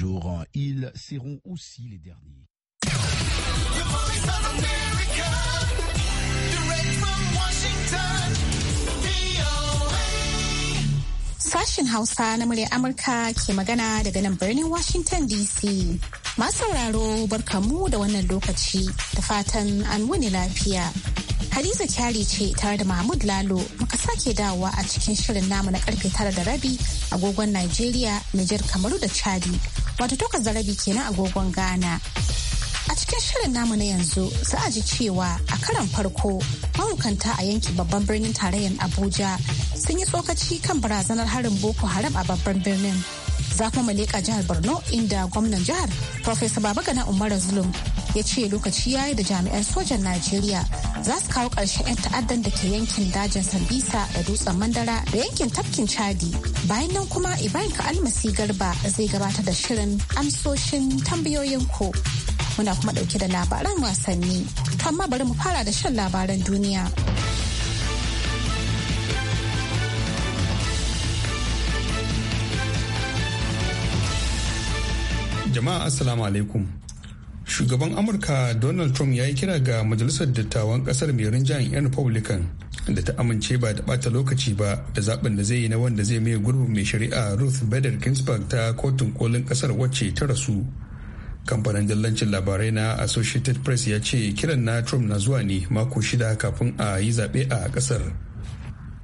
jour, ils seront aussi les derniers. Sashen Hausa na murya Amurka ke magana daga nan birnin Washington DC. Masu sauraro barkamu da wannan lokaci da fatan an wuni lafiya. Hadiza Kyari ce tare da Mahmud Lalo muka sake dawowa a cikin shirin namu na karfe tara da rabi agogon Najeriya, Nijar Kamaru da Chadi wata takwas zarabi kenan agogon Ghana. A cikin shirin namu na yanzu za a ji cewa a karan farko mahukanta a yanki babban birnin tarayyar Abuja sun yi tsokaci kan barazanar harin Boko Haram a babban birnin za kuma leƙa jihar borno inda gwamnan jihar professor babagana umar zulum ya ce lokaci ya yi da jami'an sojan najeriya za su kawo ƙarshen 'yan ta'addan da ke yankin dajin sambisa da dutsen mandara da yankin tafkin chadi bayan nan kuma ibrahim ka almasi garba zai gabatar da shirin amsoshin tambayoyin ko muna kuma ɗauke da labaran wasanni to amma bari mu fara da shan labaran duniya. Jama'a Assalamu alaikum. Shugaban Amurka Donald Trump ya yi kira ga Majalisar Dattawan Kasar mai rinjayen 'yan Republican da ta amince ba da bata lokaci ba da zaben da zai yi na wanda zai mai gurbin mai shari'a Ruth Bader Ginsburg ta kotun kolin kasar wacce ta rasu. Kamfanin dillancin labarai na Associated Press ya ce kiran na Trump na zuwa ne mako shida kafin a yi zaɓe a kasar.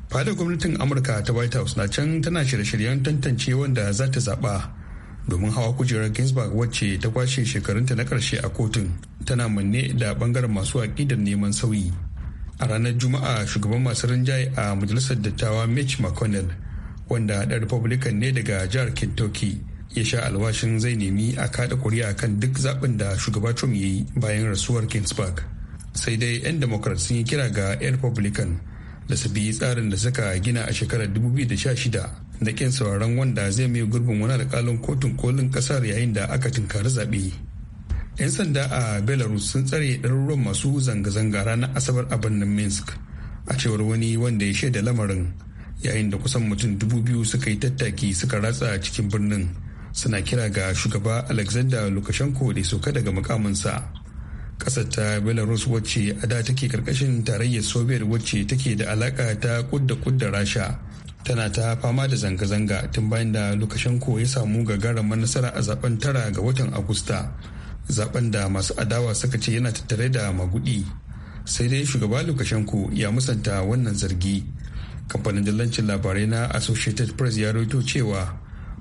Fadar gwamnatin Amurka ta White House na can tana shirye-shiryen tantance wanda za ta zaɓa. domin hawa kujerar ginsburg wacce ta kwashe shekarunta na karshe a kotun tana manne da bangaren masu aƙidar neman sauyi a ranar juma'a shugaban masu rinjaye a majalisar dattawa mitch mcconnell wanda ɗan republican ne daga jihar kentucky ya sha alwashin zai nemi a kada kuri'a kan duk zaɓin da shugaba trump ya yi bayan rasuwar ginsburg sai dai 'yan democrat sun yi kira ga 'yan republican da su bi tsarin da suka gina a shekarar 2016 da kin sauraron wanda zai mai gurbin wani alkalin kotun kolin kasar yayin da aka tunkari zaɓe. 'Yan sanda a Belarus sun tsare ɗaruruwan masu zanga-zanga ranar Asabar a birnin Minsk, a cewar wani wanda ya shaida lamarin yayin da kusan mutum dubu biyu suka yi tattaki suka ratsa cikin birnin suna kira ga shugaba Alexander Lukashenko da soka daga mukaminsa. Ƙasar ta Belarus wacce a da take karkashin tarayyar Soviet wacce take da alaka ta kudda kudda Rasha. tana ta fama da zanga-zanga tun bayan da lokacin lukashenko ya samu gagarumin nasara a zaben tara ga watan agusta zaben da masu adawa suka ce yana tattare da magudi sai dai shugaba lukashenko ya musanta wannan zargi kamfanin dillancin labarai na associated press ya rawaito cewa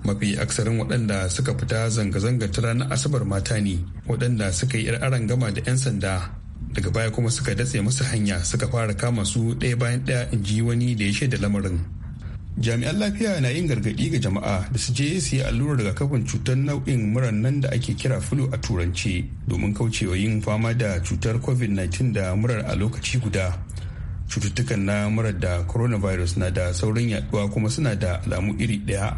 mafi aksarin waɗanda suka fita zanga-zanga ta ranar asabar mata ne waɗanda suka yi yar'aran gama da 'yan sanda daga baya kuma suka datse masa hanya suka fara kama su ɗaya bayan ɗaya in ji wani da ya shaida lamarin jami'an lafiya na yin gargaɗi ga jama'a da su je su yi allurar rigakafin cutar nau'in muran nan da ake kira flu a turanci domin kaucewa yin fama da cutar covid-19 da murar a lokaci guda cututtukan na murar da coronavirus na da saurin yaduwa kuma suna da alamu iri ɗaya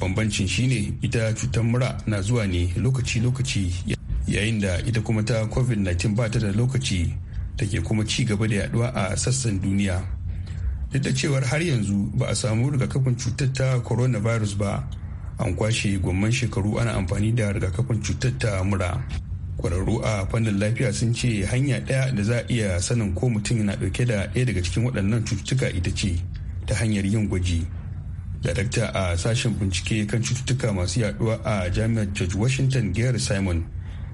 bambancin shine ita cutar mura na zuwa ne lokaci-lokaci yayin da ita kuma ta covid-19 ba ta da lokaci take kuma ci gaba da yaduwa a sassan duniya duk da cewar har yanzu ba a samu rigakafin cutar ta coronavirus ba an kwashe gwamman shekaru ana amfani da rigakafin cutar ta mura kwararru a fannin lafiya sun ce hanya ɗaya da za a iya sanin ko mutum yana ɗauke da ɗaya daga cikin waɗannan cututtuka ita ce ta hanyar yin gwaji darakta a sashen bincike kan cututtuka masu yaɗuwa a jami'ar george washington gary simon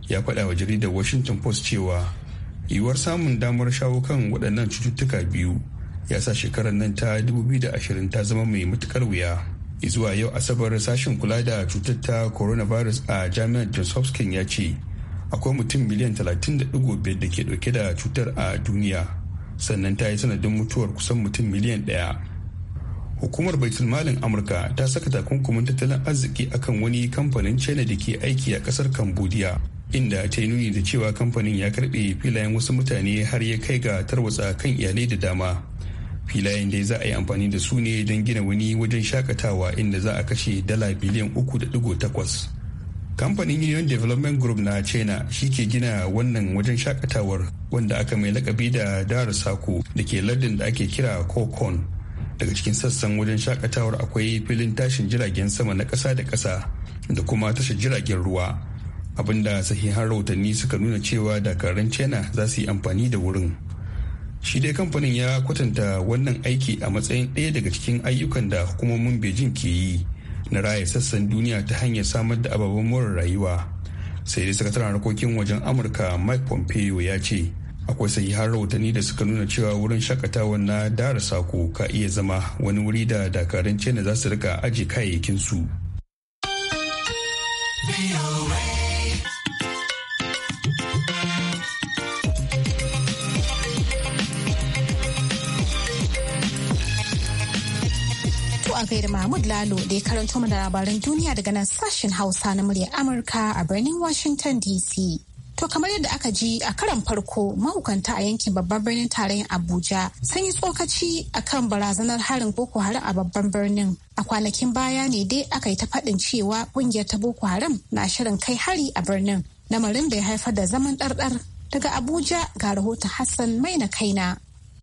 ya faɗa wa jaridar washington post cewa yiwuwar samun damar shawo kan waɗannan cututtuka biyu ya sa shekarar nan ta 2020 ta zama mai matukar wuya zuwa yau asabar sashen kula da cutar ta coronavirus a jami'ar johns hopkins ya ce akwai mutum miliyan 30.5 da ke dauke da cutar a duniya sannan ta yi sanadin mutuwar kusan mutum miliyan daya hukumar baitul malin amurka ta saka takunkumin tattalin arziki akan wani kamfanin china da ke aiki a kasar cambodia inda ta yi nuni da cewa kamfanin ya karbe filayen wasu mutane har ya kai ga tarwatsa kan iyalai da dama filayen dai za a yi amfani da su ne don gina wani wajen shakatawa inda za a kashe dala biliyan 3.8 kamfanin union development group na china shi ke gina wannan wajen shakatawar wanda aka mai lakabi da dar sako da ke lardin da ake kira kokon daga cikin sassan wajen shakatawar akwai filin tashin jiragen sama na kasa da kasa da kuma tashar jiragen ruwa abinda sahihan rahotanni suka nuna cewa dakarun china za su yi amfani da wurin shi dai kamfanin ya kwatanta wannan aiki a matsayin ɗaya daga cikin ayyukan da hukumomin beijing ke yi na raya sassan duniya ta hanyar samar da ababen more rayuwa sai dai sakataren harkokin wajen amurka mike pompeo ya ce akwai sahihan rahotanni da suka nuna cewa wurin shakatawa na dara sako ka iya zama wani wuri da dakarun china za su rika aji kayayyakin su. a gaida Mahmud Lalo da ya karanto mana labaran duniya daga nan sashen Hausa na muryar Amurka a birnin Washington DC. To kamar yadda aka ji a karan farko mahukanta a yankin babban birnin tarayyar Abuja sun yi tsokaci a kan barazanar harin Boko Haram a babban birnin. A kwanakin baya ne dai aka yi ta faɗin cewa ƙungiyar ta Boko Haram na shirin kai hari a birnin. Lamarin da ya haifar da zaman ɗarɗar daga Abuja ga rahoton Hassan mai Maina Kaina.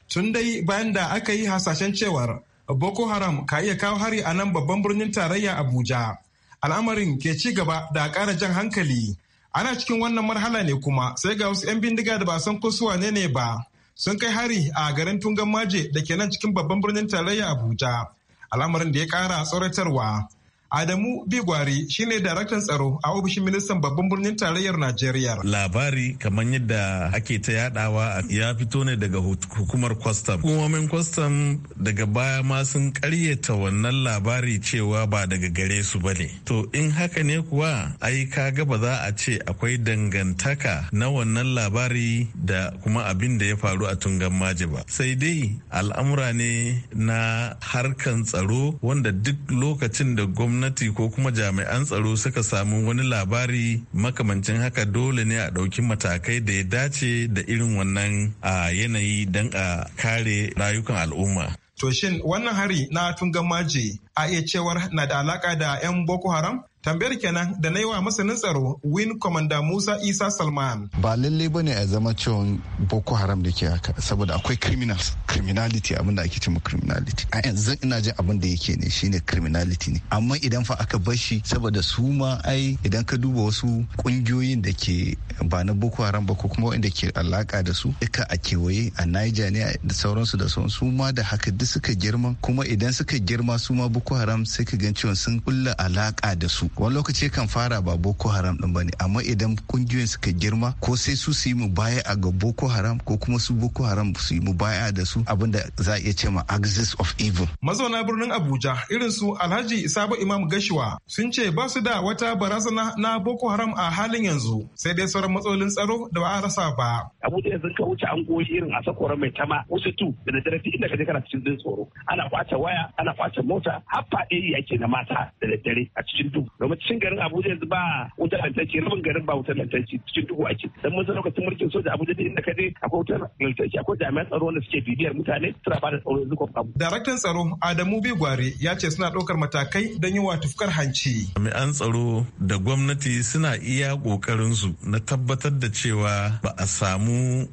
Tun dai bayan da aka yi hasashen cewar Boko Haram ka iya kawo hari a nan babban birnin tarayya Abuja. Al'amarin ke ci gaba da ƙara jan hankali. Ana cikin wannan marhala ne kuma sai ga wasu 'yan bindiga da ba san ko su ne ba. Sun kai hari a garin Tungan Maje da ke nan cikin babban birnin tarayya Abuja. Al'amarin da ya ƙara tsoratarwa. Adamu Bigwari shine daraktan tsaro a ofishin ministan babban birnin tarayyar Najeriya. Labari kamar yadda ake ta yadawa ya fito ne daga hukumar kwastam. Hukumomin kwastam daga baya ma sun karyata wannan labari cewa ba daga gare su ba ne. To in haka ne kuwa ai kaga ba za a ce akwai dangantaka na wannan labari da kuma abin da ya faru a tungan maji ba. Sai dai al'amura ne na harkan tsaro wanda duk lokacin da gwamnati gwamnati ko kuma jami'an tsaro suka samu wani labari makamancin haka dole ne a ɗauki matakai da ya dace da irin wannan a yanayi don a kare rayukan al'umma. To shin wannan hari na tun gamaje a iya cewar na da alaka da 'yan Boko Haram? Tambayar kenan da na yi wa masanin tsaro Win Komanda Musa Isa Salman. Ba lalle ba ne a zama cewa Boko Haram da ke haka saboda akwai criminals, criminality abin da ake cewa criminality. A yanzu ina jin abin da yake ne shine criminality ne. Amma idan fa aka bar shi saboda su ma ai idan ka duba wasu kungiyoyin da ke ba na Boko Haram ba ko kuma wanda ke alaka da su duka a kewaye a Niger ne da sauransu da sauran su ma da haka duk suka girma kuma idan suka girma su ma Boko Haram sai ka gan cewa sun kulla alaka da su wani lokaci kan fara ba boko haram din bane amma idan kungiyoyin suka girma ko sai su su yi mu baya a ga boko haram ko kuma su boko haram su yi mu baya da su abinda za a iya ce ma axis of evil mazauna birnin abuja irin su alhaji isabu imam gashiwa sun ce ba su da wata barazana na boko haram a halin yanzu sai dai sauran matsalolin tsaro da ba a rasa ba abuja yanzu ka wuce an goyi irin a sakwara mai tama wasu tu da na dare inda ka je kana cikin tsoro ana kwace waya ana kwace mota har faɗe yake na mata da daddare a cikin duhu domin cikin garin abuja yanzu ba wutar lantarki rabin garin ba wutar lantarki cikin duhu ake dan mun san lokacin mulkin soja abuja din inda kaje akwai wutar lantarki akwai jami'an tsaro wanda suke bibiyar mutane suna ba da tsaro yanzu kuma daraktan tsaro adamu Bigware ya ce suna ɗaukar matakai don yi wa tufkar hanci jami'an tsaro da gwamnati suna iya kokarin su na tabbatar da cewa ba a samu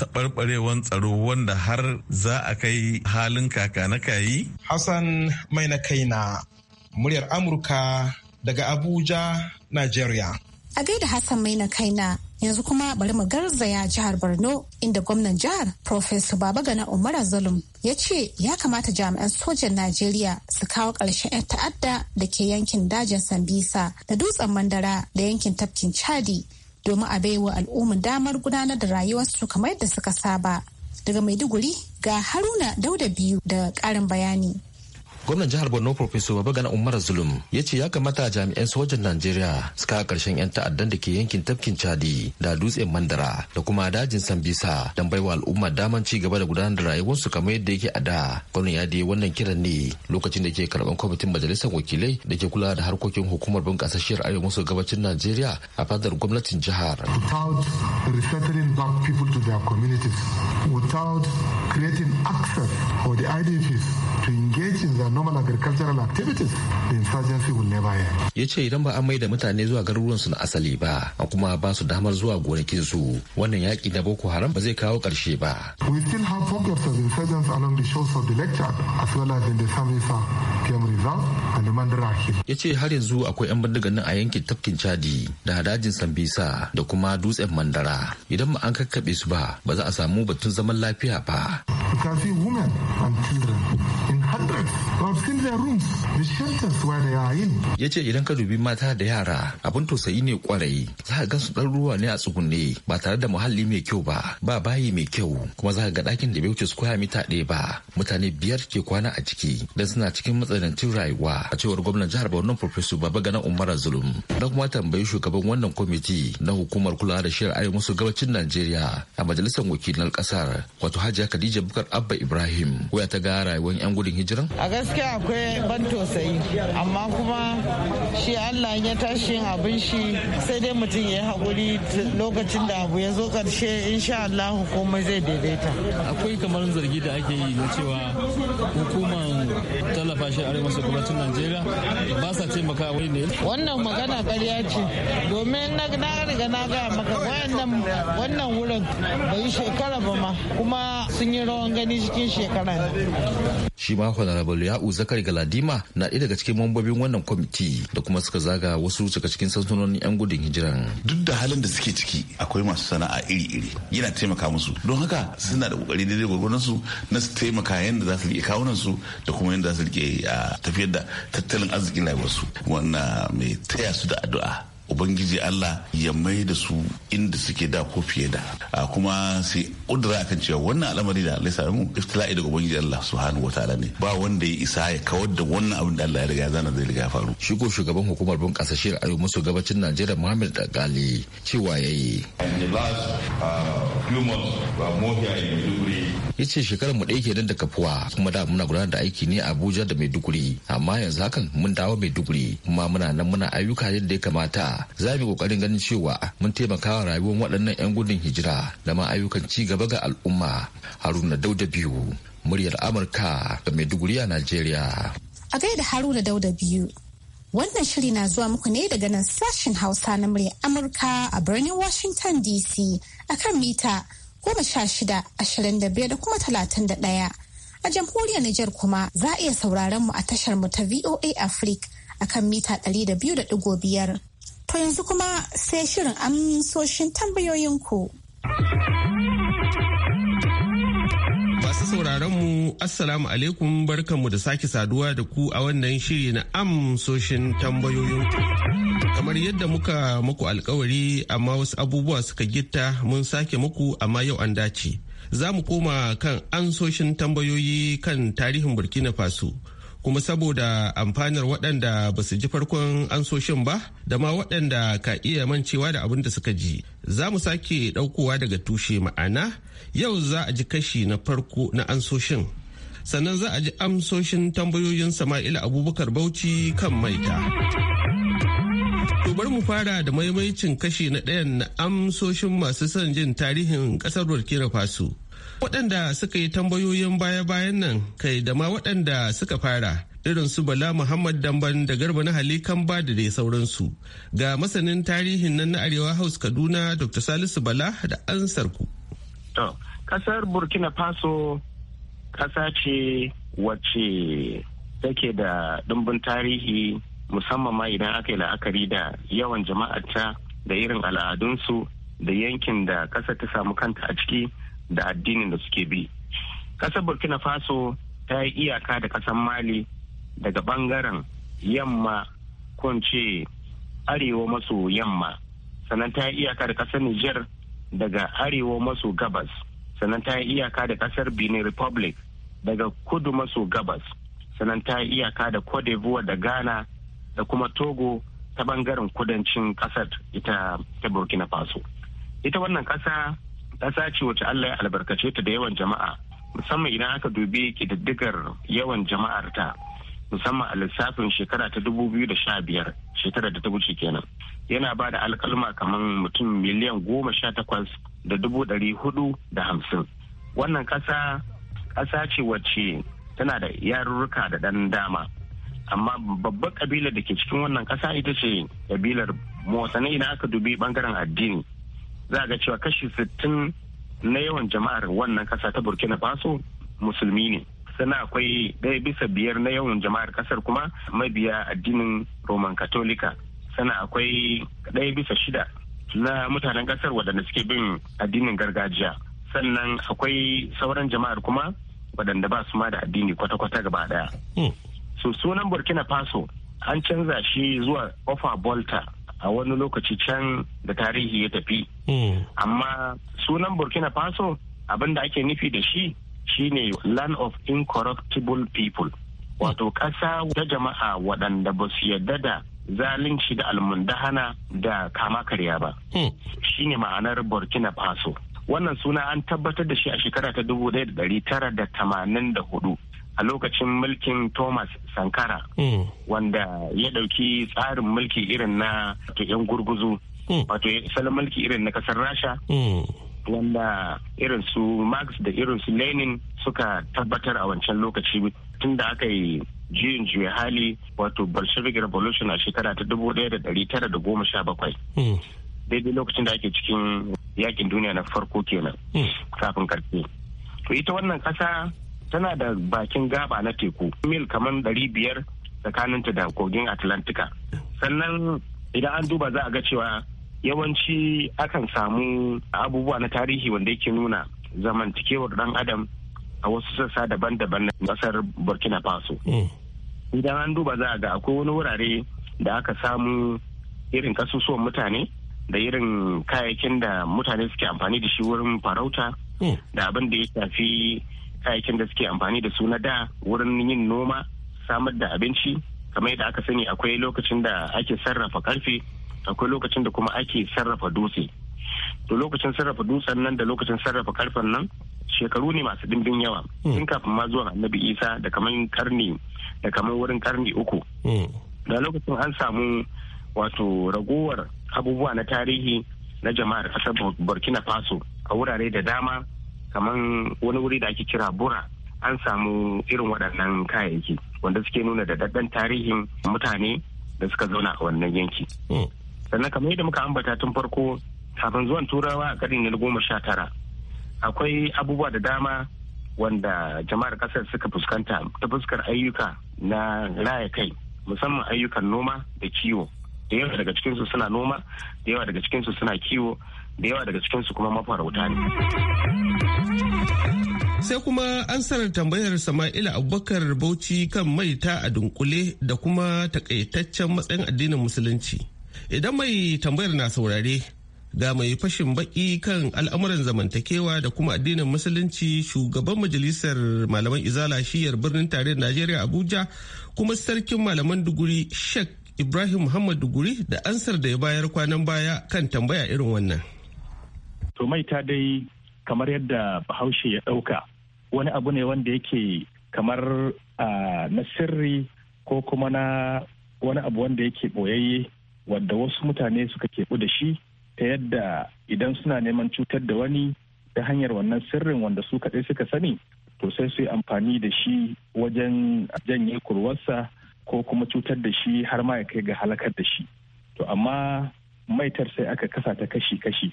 taɓarɓarewan tsaro wanda har za a kai halin kaka na kayi hassan mai na kai na muryar amurka daga Abuja, Nigeria. A gaida Hassan Maina Kaina yanzu kuma bari mu garzaya jihar Borno inda gwamnan jihar Profesor Gana Umar Zulum ya ce ya kamata jami'an sojan Najeriya su kawo ƙarshen 'yan ta'adda da ke yankin dajin Sambisa da dutsen Mandara da yankin tafkin Chadi domin a baiwa al'umma damar gudanar da rayuwarsu kamar yadda suka saba. Daga Maiduguri ga Haruna Dauda biyu da ƙarin bayani. gwamnan jihar borno professor babagana umar zulum ya ce ya kamata jami'an sojan najeriya su kawo karshen 'yan ta'addan da ke yankin tafkin chadi da dutse mandara da kuma dajin sambisa don wa al'umma daman ci gaba da gudanar da rayuwarsu kamar yadda yake a da gwamnan ya dai wannan kiran ne lokacin da ke karban kwamitin majalisar wakilai da ke kula da harkokin hukumar bunƙasa arewa maso gabacin najeriya a fadar gwamnatin jihar without creating access for the IDPs to engage in their normal agricultural activities, the insurgency will never end. Ya ce idan ba a mai da mutane zuwa garuruwansu na asali ba, a kuma ba su damar zuwa gonakin su wannan yaƙi da Boko Haram ba zai kawo ƙarshe ba. We still have pockets of insurgents along the shores of the lake Chad, as well as in the Samisa, Kem Rizal, and the Mandara Hill. Ya ce har yanzu akwai 'yan bindigan nan a yankin tafkin Chadi da hadajin Sambisa da kuma dutsen Mandara. Idan ba an kakkaɓe su ba, ba za a samu batun zaman lafiya ba. You can see women and children in hundreds ya ce idan ka dubi mata da yara abin tausayi ne kwarai za ka gan su ɗan ruwa ne a tsugunne ba tare da muhalli mai kyau ba ba bayi mai kyau kuma za ka ga ɗakin da bai wuce square mita ɗaya ba mutane biyar ke kwana a ciki dan suna cikin matsanancin rayuwa a cewar gwamnan jihar Borno Professor Babagana Umar Zulum na kuma tambayi shugaban wannan kwamiti na hukumar kulawa da shirin arewa maso gabacin Najeriya a majalisar wakilan kasar wato Hajiya Khadija Bukar Abba Ibrahim waya ta ga rayuwar yan gudun hijiran gaskiya akwai ban tausayi amma kuma shi allah ya tashi yin abin shi sai dai mutum ya yi haƙuri lokacin da abu ya zo ƙarshe insha allah komai zai daidaita akwai kamar zargi da ake yi na cewa hukumar tallafa shi arewa maso gabacin najeriya ba sa taimaka wai ne wannan magana karya ce domin na riga na gaya maka wayannan wannan wurin bai shekara ba ma kuma sun yi rawan gani cikin shekara shi ma honorable ya'u zakari galadima na ɗaya daga cikin mambobin wannan kwamiti da kuma suka zaga wasu daga cikin sansanonin yan gudun hijiran duk da halin da suke ciki akwai masu sana'a iri-iri yana taimaka musu don haka suna da kokari daidai gwagwarnan su na su taimaka yadda za su iya kawunan su da kuma yadda suke a ah, tafiyar da tattalin arzikin rayuwarsu wannan mai taya su da addu'a ubangiji allah ya mai da su inda suke da ko fiye da kuma sai kudura akan cewa wannan al'amari da allah samu iftila'i daga ubangiji allah subhanahu wataala ne ba wanda ya isa ya kawar da wannan abin da allah ya riga zana zai riga faru shi ko shugaban hukumar bunƙasa shi ayo musu gabacin najeriya muhammad dakali cewa ya yi uh, uh, shekarar mu ɗaya kenan da kafuwa kuma da muna gudanar da aiki ne a abuja da maiduguri amma yanzu hakan mun dawo maiduguri kuma muna nan muna ayyuka yadda ya kamata za mu kokarin ganin cewa mun taimaka wa rayuwar waɗannan 'yan gudun hijira da ma ayyukan ci gaba ga al'umma haruna dauda biyu muryar amurka ga maiduguri a najeriya a gaida haruna dauda biyu wannan shiri na zuwa muku ne daga nan sashen hausa na muryar amurka a birnin washington dc akan mita goma sha shida ashirin da biyar da kuma talatin da ɗaya a jamhuriyar Nijar kuma za a iya sauraron mu a tashar mu ta VOA Africa akan mita ɗari da ɗigo biyar To yanzu kuma sai shirin amsoshin tambayoyinku. Masu sauraron mu Assalamu alaikum barkanmu da sake saduwa da ku a wannan shiri na amsoshin tambayoyinku. Kamar yadda muka muku alkawari amma wasu abubuwa suka gitta mun sake muku amma yau an dace. Za mu koma kan ansoshin tambayoyi kan tarihin Burkina Faso kuma saboda amfanar waɗanda ba su ji farkon ansoshin ba da ma waɗanda ka iya mancewa da abin da suka ji za mu sake ɗaukowa daga tushe ma'ana yau za a ji kashi na farko na ansoshin sannan za a ji amsoshin tambayoyin sama'ila abubakar bauchi kan maita to mu fara da maimaicin kashi na ɗayan na amsoshin masu son jin tarihin ƙasar burkina faso waɗanda suka yi tambayoyin baya-bayan nan kai da ma waɗanda suka fara irin su bala muhammad damban da garba na hali ba da dai sauransu ga masanin tarihin nan na arewa house kaduna dr salisu bala da ansar ku kasar burkina faso kasa ce wacce take da ɗumbin tarihi musamman ma idan aka yi la'akari da yawan jama'arta da irin al'adunsu da yankin da ƙasa ta samu kanta a ciki da addinin da suke bi kasar burkina faso ta yi iyaka da kasar mali daga bangaren yamma kunce arewa maso yamma sannan ta yi iyaka da kasar Nijar daga arewa maso gabas sannan ta yi iyaka da kasar benin republic daga kudu maso gabas sannan ta yi iyaka da cote d'ivoire da ghana da kuma togo ta bangaren kudancin kasar ita ta burkina faso ita wannan kasa ƙasa ce wacce Allah ya albarkace ta da yawan jama'a musamman idan aka dubi ƙididdigar yawan jama'ar ta musamman a lissafin shekara ta dubu biyu da sha biyar shekarar da ta wuce kenan yana ba da alkalma kamar mutum miliyan goma sha takwas da dubu ɗari hudu da hamsin wannan ƙasa ƙasa ce wacce tana da yarurruka da ɗan dama amma babbar ƙabilar da ke cikin wannan ƙasa ita ce ƙabilar motsa idan aka dubi ɓangaren addini za ga cewa kashi sittin na yawan jama'ar wannan kasa ta burkina faso musulmi ne sannan akwai ɗaya bisa biyar na yawan jama'ar kasar kuma mabiya addinin roman katolika sannan akwai ɗaya bisa shida na mutanen kasar waɗanda suke bin addinin gargajiya sannan akwai sauran jama'ar kuma waɗanda ba su ma da addini kwata-kwata gaba ɗaya. Hmm. su sunan burkina faso an canza shi zuwa ofa bolta a wani lokaci can da tarihi ya tafi Hmm. amma sunan burkina faso abin da ake nufi da shi shine land of incorruptible people wato ƙasa ta jama'a waɗanda ba su yarda da zalunci da almundahana da kama karya ba hmm. shine ma'anar burkina faso wannan suna an tabbatar da shi a shekara ta da da tamanin hudu a lokacin mulkin thomas sankara hmm. wanda ya ɗauki tsarin mulki irin na 'yan gurguzu Hmm. wato salon mulki irin na kasar rasha hmm. wanda irin su marx da irin su lenin suka tabbatar a wancan lokaci tun da aka yi juyin juya hali wato bolshevik revolution a shekara ta da tara goma sha 1917 hmm. daidai lokacin da ake cikin yakin duniya na farko kenan kafin karfe to ita wannan kasa tana da bakin gaba na teku mil kamar biyar tsakaninta da kogin atlantika sannan idan an duba za a ga cewa yawanci akan samu abubuwa na tarihi wanda yake nuna zamantakewar dan adam a wasu sassa daban-daban na kasar burkina faso mm. idan an duba za a ga akwai wani wurare da aka samu irin kasusuwan mutane da irin kayayyakin da mutane suke amfani da shi wurin farauta mm. da abin da ya shafi kayayyakin da suke amfani da su na da wurin yin noma samar da abinci kamar yadda aka sani akwai lokacin da ake sarrafa karfe akwai lokacin da kuma ake sarrafa dutse to lokacin sarrafa dutsen nan da lokacin sarrafa karfen nan shekaru ne masu dimbin yawa hmm. tun kafin ma zuwa annabi isa da kamar karni da kamar wurin karni uku hmm. da lokacin an samu wato ragowar abubuwa na tarihi na jama'ar kasar burkina faso a wurare da dama kamar wani wuri da ake kira bura an samu irin waɗannan kayayyaki wanda suke nuna da daɗɗan tarihin mutane da suka zauna a wannan yanki hmm. sannan kamar yadda muka ambata tun farko kafin zuwan turawa a ƙarni na goma sha tara akwai abubuwa da dama wanda jama'ar kasar suka fuskanta ta fuskar ayyuka na raya kai musamman ayyukan noma da kiwo da yawa daga cikinsu suna noma da yawa daga cikinsu suna kiwo da yawa daga cikinsu kuma mafarauta ne sai kuma an sanar tambayar sama'ila abubakar bauchi kan maita a dunkule da kuma takaitaccen matsayin addinin musulunci Idan mai tambayar na saurare ga mai fashin baki kan al'amuran zamantakewa da kuma addinin musulunci shugaban majalisar malaman izala shiyar birnin tarayyar najeriya abuja kuma sarkin malaman duguri sheikh ibrahim muhammad duguri da ansar da ya bayar kwanan baya kan tambaya irin wannan to maita dai kamar yadda bahaushe ya ɗauka wani abu ne wanda yake kamar ah, na sirri ko kuma na wani abu wanda yake ɓoyayye wadda wasu mutane suka keɓu da shi ta yadda idan suna neman cutar da wani ta hanyar wannan sirrin wanda su kaɗai suka sani to sai su yi amfani da shi wajen janye kurwarsa ko kuma cutar da shi har ma ya kai ga halakar da shi to amma maitar sai aka kasa ta kashi-kashi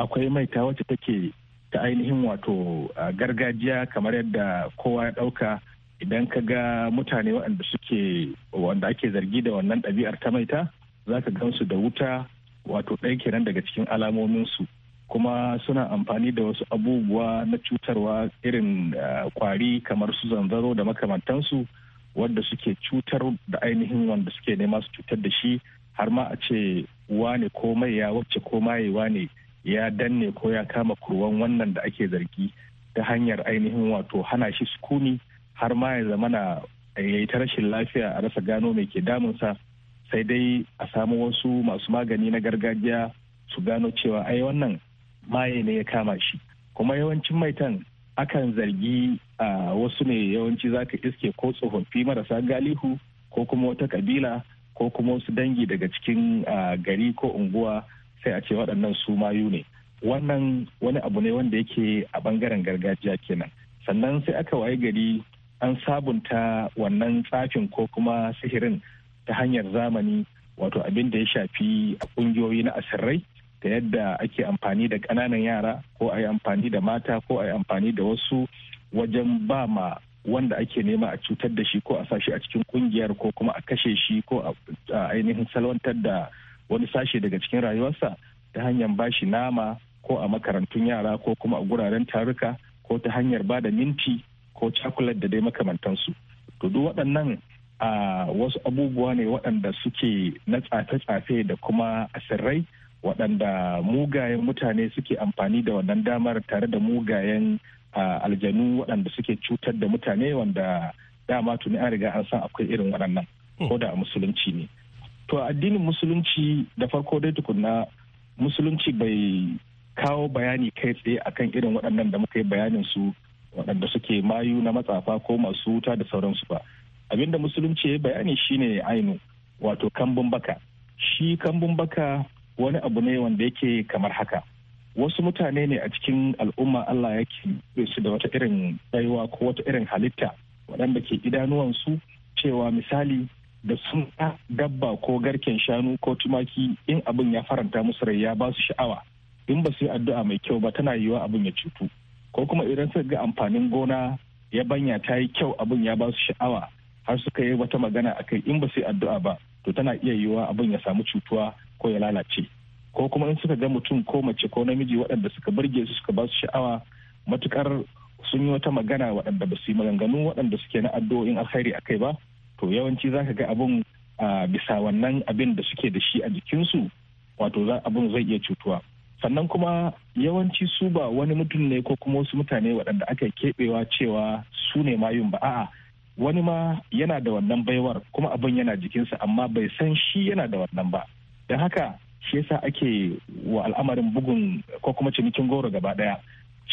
akwai maita wacce take ta ainihin wato gargajiya kamar yadda kowa ya ɗauka idan ka ga mutane waɗanda suke wanda ake zargi da wannan ɗabi'ar ta maita za ka gansu da wuta wato ɗaya kenan daga cikin alamominsu kuma suna amfani da wasu abubuwa na cutarwa irin eh, kwari kamar su zanzaro da makamantansu wadda suke cutar da ainihin wanda suke nema su cutar da shi har ma a ce wane ko ya wacce ko mayewa ne ya danne ko ya kama kurwan wannan da ake zargi ta hanyar ainihin wato hana shi sukuni har ma ya zamana eh, ya yi ta rashin lafiya a rasa gano mai ke damunsa sai dai a samu wasu masu magani na gargajiya su gano cewa ai wannan maye ne ya kama shi kuma yawancin maitan akan zargi a wasu ne yawanci za ka iske ko tsofaffi marasa galihu ko kuma wata kabila ko kuma wasu dangi daga cikin gari ko unguwa sai a ce waɗannan su mayu ne wannan wani abu ne wanda yake a ɓangaren gargajiya kenan sannan sai aka waye gari an sabunta wannan tsafin ko kuma sihirin ta hanyar zamani wato abin da ya shafi a kungiyoyi na asirrai da yadda ake amfani da ƙananan yara ko a yi amfani da mata ko a yi amfani da wasu wajen ba ma wanda ake nema a cutar da shi ko a shi a cikin kungiyar ko kuma a kashe shi ko a ainihin salwantar da wani sashe daga cikin rayuwarsa ta hanyar ba shi nama ko a makarantun yara ko kuma a guraren taruka ko ta hanyar ba da minti ko cakulat da dai makamantansu to duk waɗannan a wasu abubuwa ne waɗanda suke na tsafe-tsafe da kuma asirrai waɗanda mugayen mutane suke amfani da wannan damar tare da mugayen aljanu waɗanda suke cutar da mutane wanda dama tuni an riga an san akwai irin waɗannan hmm. ko da musulunci ne to addinin musulunci da farko dai tukunna musulunci bai kawo bayani kai tsaye akan irin waɗannan da muka yi bayanin su waɗanda suke mayu na matsafa ko masu wuta da sauransu ba abinda musulunci ya bayani shine ainu wato kambun baka shi kambun baka wani abu ne wanda yake kamar haka wasu mutane ne a cikin al'umma Allah ya ke su da wata irin tsayuwa ko wata irin halitta waɗanda ke idanuwansu cewa misali da sun dabba ko garken shanu ko tumaki in abin ya faranta musu rai ya ba su sha'awa in ba su yi addu'a mai kyau ba tana yiwuwa abin ya cutu ko kuma idan suka ga amfanin gona ya banya ta yi kyau abin ya ba su sha'awa har suka yi wata magana a kai in ba su yi addu'a ba to tana iya yiwuwa abin ya samu cutuwa ko ya lalace ko kuma in suka ga mutum ko mace ko namiji waɗanda suka burge su suka ba su sha'awa matukar sun yi wata magana waɗanda ba su yi maganganu waɗanda suke na addu'o'in alkhairi a kai ba to yawanci za ka ga abin a bisa wannan abin da suke da shi a jikinsu wato za abin zai iya cutuwa sannan kuma yawanci su ba wani mutum ne ko kuma wasu mutane waɗanda aka keɓewa cewa su ne mayun ba a'a wani ma yana da wannan baiwar kuma abin yana jikinsa amma bai san shi yana da wannan ba don haka shi yasa ake wa al'amarin bugun ko kuma cinikin goro gaba daya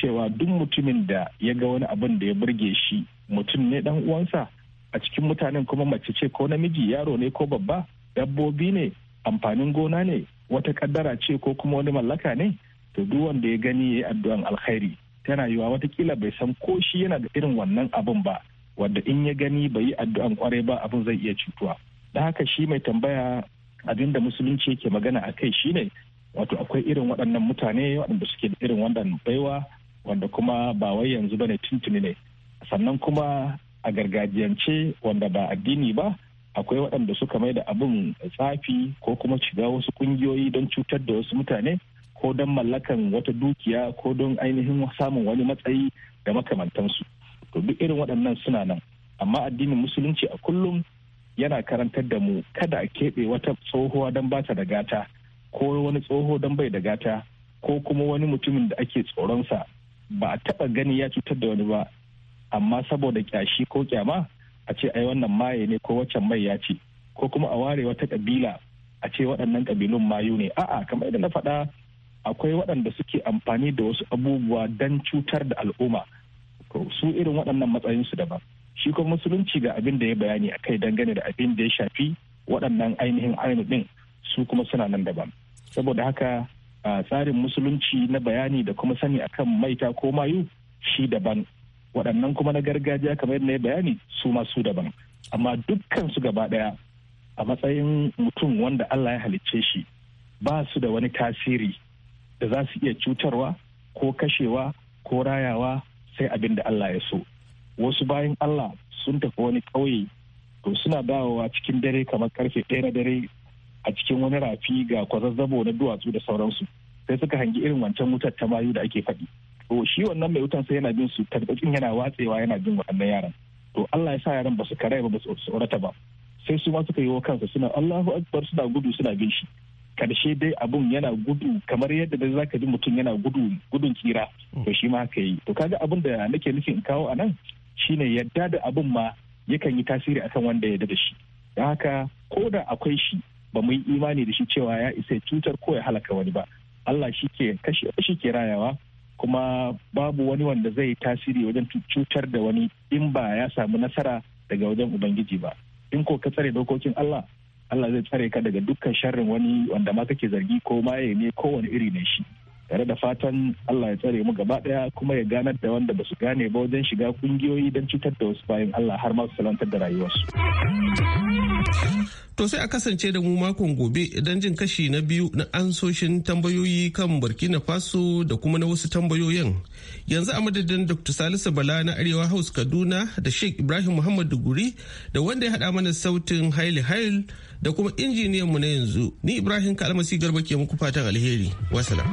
cewa duk mutumin da ya ga wani abin da ya burge shi mutum ne dan uwansa a cikin mutanen kuma mace ce ko namiji yaro ne ko babba dabbobi ne amfanin gona ne wata kaddara ce ko kuma wani mallaka ne to duk wanda ya gani ya yi addu'an alkhairi tana yiwa watakila bai san ko shi yana da irin wannan abin ba wanda in ya gani bai yi addu'an kwarai ba abin zai iya cutuwa da haka shi mai tambaya abinda musulunci yake magana a kai shine wato akwai irin waɗannan mutane waɗanda suke da irin wannan baiwa wanda kuma ba wai yanzu bane tuntuni ne sannan kuma a gargajiyance wanda ba addini ba akwai waɗanda suka mai da abin tsafi ko kuma shiga wasu ƙungiyoyi don cutar da wasu mutane ko don mallakan wata dukiya ko don ainihin samun wani matsayi da makamantansu to duk irin waɗannan suna nan amma addinin musulunci a kullum yana karantar da mu kada a keɓe wata tsohuwa don ba ta da gata ko wani tsoho don bai da gata ko kuma wani mutumin da ake tsoronsa ba a taɓa gani ya cutar da wani ba amma saboda kyashi ko kyama a ce ai wannan maye ne ko waccan mai ya ce ko kuma a ware wata ƙabila a ce waɗannan ƙabilun mayu ne a'a kamar idan na faɗa akwai waɗanda suke amfani da wasu abubuwa don cutar da al'umma su irin waɗannan matsayinsu daban shi kuma musulunci ga abin da ya bayani a kai dangane da abin da ya shafi waɗannan ainihin ainu ɗin su kuma suna nan daban saboda haka a tsarin musulunci na bayani da kuma sani akan maita ko mayu shi daban waɗannan kuma na gargajiya kamar yadda ya bayani su ma su daban amma dukkan su gaba ɗaya a matsayin mutum wanda Allah ya halicce shi ba su da wani tasiri da za su iya cutarwa ko kashewa ko rayawa sai abin da Allah ya so wasu bayan Allah sun tafi wani ƙauye to suna dawowa cikin dare kamar karfe ɗaya na dare a cikin wani rafi ga kwazazzabo na duwatsu da sauransu sai suka hangi irin wancan wutar ta mayu da ake faɗi to shi wannan mai wutan sai yana bin su tarbakin yana watsewa yana bin waɗannan yaran to Allah ya sa yaran ba su karaya ba ba su tsorata ba sai su ma suka yi wa kansa suna Allahu akbar suna gudu suna bin shi karshe dai abun yana gudu kamar yadda da zaka ji mutum yana gudu gudun tsira mm. to shi ma haka yi to kaga abun da nake nufin kawo anan shine yadda da abun ma yakan yi tasiri akan wanda ya da shi don haka ko da akwai shi ba mu yi imani da shi cewa ya isa cutar ko ya halaka wani ba Allah shi ke kashi shi ke rayawa kuma babu wani wanda zai tasiri wajen cutar da wani in ba ya samu nasara daga wajen ubangiji ba in ko ka tsare dokokin Allah Allah zai tsare ka daga dukkan sharrin wani wanda ma kake zargi ko maye ne kowane iri na shi tare da fatan Allah ya tsare mu gaba daya kuma ya ganar da wanda ba su gane ba wajen shiga kungiyoyi don cutar da wasu bayan Allah har ma su salantar da rayuwarsu. To sai a kasance da mu makon gobe don jin kashi na biyu na ansoshin tambayoyi kan Burkina Faso da kuma na wasu tambayoyin. Yanzu a madadin Dr. Salisu Bala na Arewa House Kaduna da Sheikh Ibrahim Muhammadu Guri da wanda ya haɗa mana sautin Haile Haile da kuma injiniyanmu na yanzu ni Ibrahim Kalmasi Garba ke muku fatan alheri. Wasalam.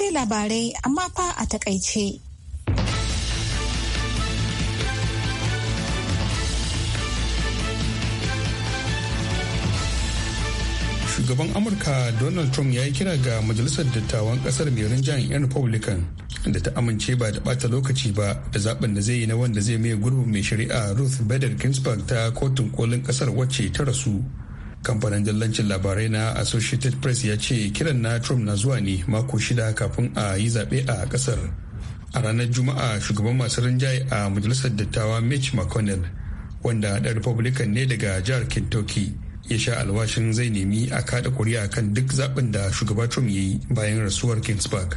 sai labarai amma fa a takaice. shugaban amurka donald trump ya yi kira ga majalisar dattawan kasar mai rinjayen yan republican da ta amince ba da bata lokaci ba da zaben da zai yi na wanda zai maye gurbin mai shari'a ruth bader ginsburg ta kotun kolin kasar wacce ta rasu kamfanin dillancin labarai na associated press ya ce kiran na trump na zuwa ne mako shida kafin a yi zaɓe a ƙasar a ranar juma'a shugaban masu rinjaye a majalisar dattawa mitch mcconnell wanda ɗan republican ne daga jihar kentucky ya sha alwashin zai nemi a kada kuri'a kan duk zaɓin da shugaba trump ya yi bayan rasuwar kingsburg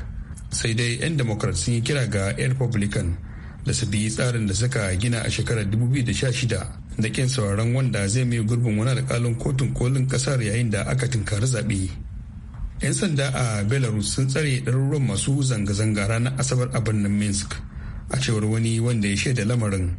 sai dai 'yan democrat sun yi kira ga 'yan republican da su bi tsarin da suka gina a shekarar 2016 da kin sauraron wanda zai mai gurbin wani alkalin kotun kolin kasar yayin da aka tunkari zaɓe. 'Yan sanda a Belarus sun tsare ɗaruruwan masu zanga-zanga ranar Asabar a birnin Minsk, a cewar wani wanda ya shaida lamarin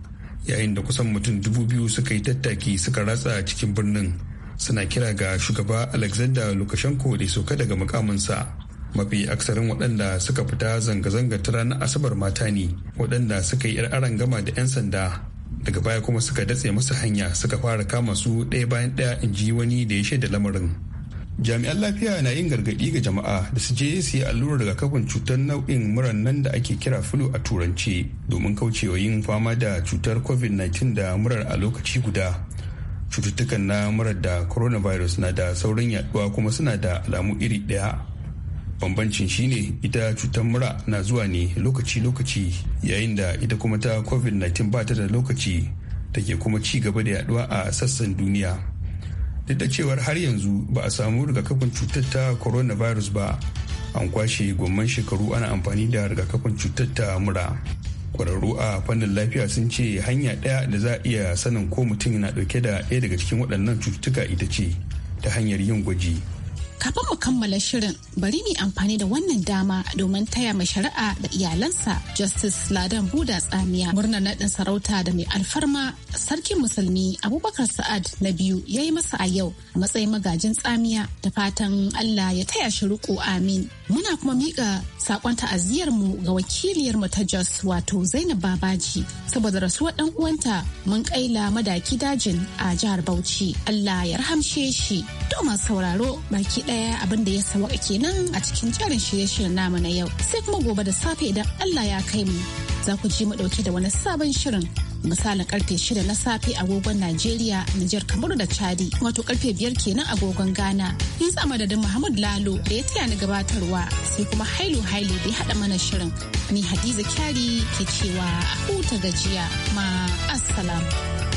yayin da kusan mutum dubu biyu suka yi tattaki suka ratsa cikin birnin suna kira ga shugaba Alexander Lukashenko da soka daga mukaminsa. mafi aksarin waɗanda suka fita zanga-zanga ta ranar asabar mata ne waɗanda suka yi gama da 'yan sanda daga baya kuma suka datse masu hanya suka fara kama su ɗaya bayan ɗaya in ji wani da ya shaida lamarin jami'an lafiya na yin gargaɗi ga jama'a da su je su yi allurar rigakafin cutar nau'in muran nan da ake kira flu a turanci domin kaucewa yin fama da cutar covid-19 da murar a lokaci guda cututtukan na murar da coronavirus na da saurin yaduwa kuma suna da alamu iri ɗaya bambancin shine ita cutar mura na zuwa ne lokaci-lokaci yayin da ita kuma ta covid-19 ba ta da lokaci da ke kuma ci gaba da yaduwa a sassan duniya duk da cewar har yanzu ba a samu rigakafin cutar ta coronavirus ba an kwashe gomman shekaru ana amfani da rigakafin cutar ta mura kwararru a fannin lafiya sun ce hanya ɗaya da za a iya sanin ko mutum yana ɗauke da ɗaya daga cikin waɗannan cututtuka ita ce ta hanyar yin gwaji Kafin mu kammala shirin bari mu amfani da wannan dama domin taya mai shari'a da iyalansa Justice Ladan Buda Tsamiya murnar naɗin sarauta da mai alfarma sarkin musulmi Abubakar Sa'ad na biyu ya yi masa a yau a matsayin magajin tsamiya da fatan Allah ya taya shi riko amin. Muna kuma miƙa sakon ta'aziyar mu ga wakiliyar mu ta Jos wato Zainab Babaji saboda rasuwar dan uwanta mun kaila madaki dajin a jihar Bauchi. Allah ya rahamshe shi. To ma sauraro baki daya abin da ya sawaka kenan a cikin jarin shirye-shiryen namu na yau. Sai kuma gobe da safe idan Allah ya kai mu za ku ji mu dauke da wani sabon shirin misalin karfe shida na safe agogon Najeriya, Nijar Kamaru da Chadi wato karfe biyar kenan agogon Ghana. Yin sa madadin Muhammad Lalo da ya taya ni gabatarwa sai kuma Hailu Hailu da ya haɗa mana shirin. Ni Hadiza Kyari ke cewa a huta gajiya ma assalamu.